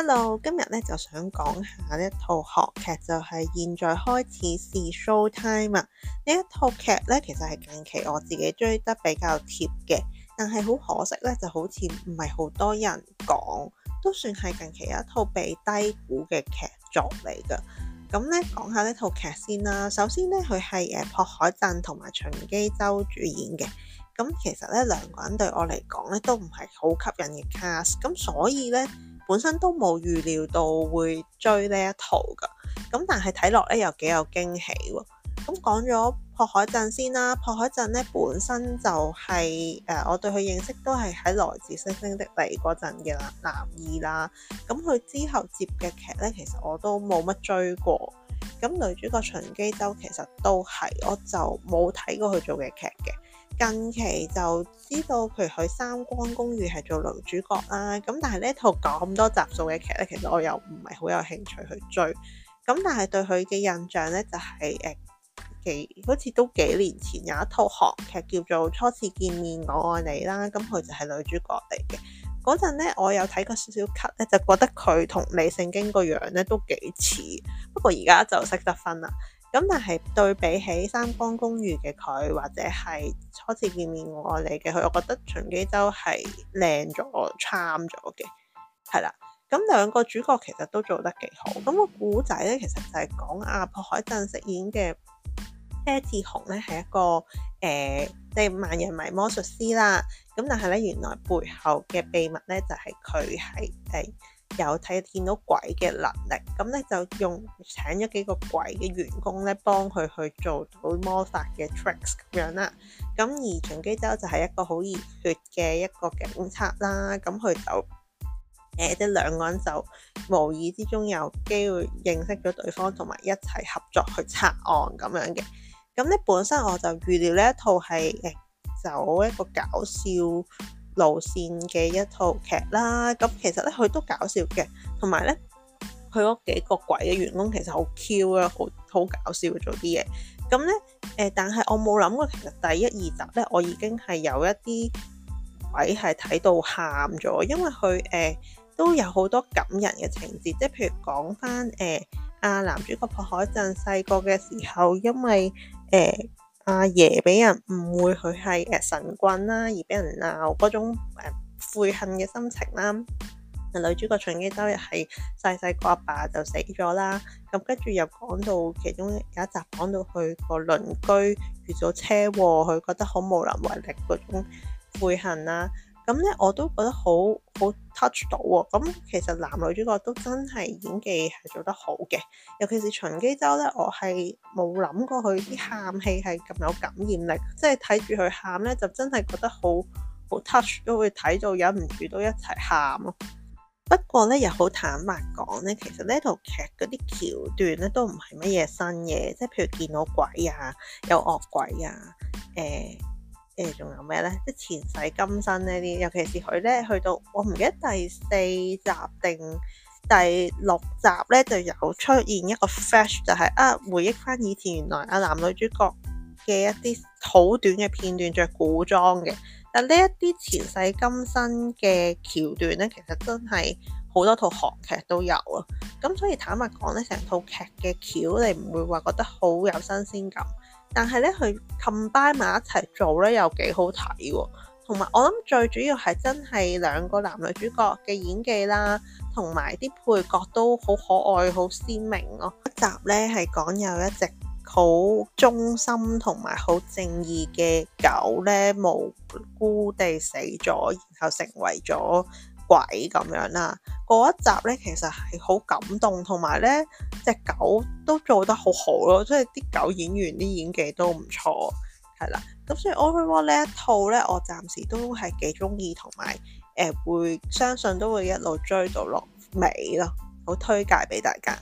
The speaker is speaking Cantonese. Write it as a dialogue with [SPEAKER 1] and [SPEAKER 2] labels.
[SPEAKER 1] hello，今日咧就想講下一套韓劇，就係現在開始是 show time 啊！呢一套劇咧其實係近期我自己追得比較貼嘅，但係好可惜咧，就好似唔係好多人講，都算係近期一套被低估嘅劇作嚟噶。咁咧講下呢套劇先啦。首先咧，佢係誒朴海鎮同埋秦基周主演嘅。咁其實咧，兩個人對我嚟講咧都唔係好吸引嘅 cast，咁所以咧。本身都冇預料到會追呢一套㗎，咁但係睇落咧又幾有驚喜喎。咁講咗朴海鎮先啦，朴海鎮咧本身就係、是、誒，我對佢認識都係喺來自星星的你嗰陣嘅男男二啦。咁佢之後接嘅劇咧，其實我都冇乜追過。咁女主角秦基周其實都係，我就冇睇過佢做嘅劇嘅。近期就知道佢去《三光公寓》係做女主角啦，咁但係呢套咁多集數嘅劇咧，其實我又唔係好有興趣去追，咁但係對佢嘅印象咧就係、是、誒，幾好，似都幾年前有一套韓劇叫做《初次見面我愛你》啦，咁佢就係女主角嚟嘅。嗰陣咧，我有睇過少少 cut 咧，就覺得佢同李聖經個樣咧都幾似，不過而家就識得分啦。咁但係對比起三光公寓嘅佢，或者係初次見面我愛你嘅佢，我覺得秦基周係靚咗、charm 咗嘅，係啦。咁兩個主角其實都做得幾好。咁、那個古仔咧，其實就係講阿朴海鎮飾演嘅車志雄咧，係一個誒即係萬人迷魔術師啦。咁但係咧，原來背後嘅秘密咧，就係佢係第。呃有睇見到鬼嘅能力，咁咧就用請咗幾個鬼嘅員工咧幫佢去做到魔法嘅 tricks 咁樣啦。咁而秦基周就係一個好熱血嘅一個警察啦。咁佢就誒啲兩個人就無意之中有機會認識咗對方，同埋一齊合作去拆案咁樣嘅。咁咧本身我就預料呢一套係誒、欸、走一個搞笑。路線嘅一套劇啦，咁其實咧佢都搞笑嘅，同埋咧佢嗰幾個鬼嘅員工其實好 Q 啊，好好搞笑做啲嘢。咁咧誒，但係我冇諗過，其實第一二集咧，我已經係有一啲鬼係睇到喊咗，因為佢誒都有好多感人嘅情節，即係譬如講翻誒啊男主角朴海鎮細個嘅時候，因為誒。阿爺俾人誤會佢係誒神棍啦，而俾人鬧嗰種誒悔恨嘅心情啦。女主角秦基周又係細細個阿爸就死咗啦，咁跟住又講到其中有一集講到佢個鄰居遇咗車禍，佢覺得好無能為力嗰種悔恨啦。咁咧、嗯、我都覺得好好 touch 到喎、哦，咁、嗯、其實男女主角都真係演技係做得好嘅，尤其是秦基周咧，我係冇諗過佢啲喊戲係咁有感染力，即係睇住佢喊咧就真係覺得好好 touch，都會睇到忍唔住都一齊喊咯。不過咧又好坦白講咧，其實呢套劇嗰啲橋段咧都唔係乜嘢新嘢，即係譬如見到鬼啊、有惡鬼啊、誒。誒仲有咩咧？即前世今生呢啲，尤其是佢咧去到我唔記得第四集定第六集咧，就有出現一個 flash，就係啊回憶翻以前，原來啊男女主角嘅一啲好短嘅片段，着古裝嘅。但呢一啲前世今生嘅橋段咧，其實真係好多套韓劇都有啊。咁所以坦白講咧，成套劇嘅橋你唔會話覺得好有新鮮感。但係咧，佢 combine 埋一齊做咧，又幾好睇喎。同埋我諗最主要係真係兩個男女主角嘅演技啦，同埋啲配角都好可愛、好鮮明咯。一集咧係講有一隻好忠心同埋好正義嘅狗咧，無辜地死咗，然後成為咗鬼咁樣啦，嗰一集咧其實係好感動，同埋咧隻狗都做得好好咯，即係啲狗演員啲演技都唔錯，係啦。咁所以《Overwatch》呢一套咧，我暫時都係幾中意，同埋誒會相信都會一路追到落尾咯，好推介俾大家。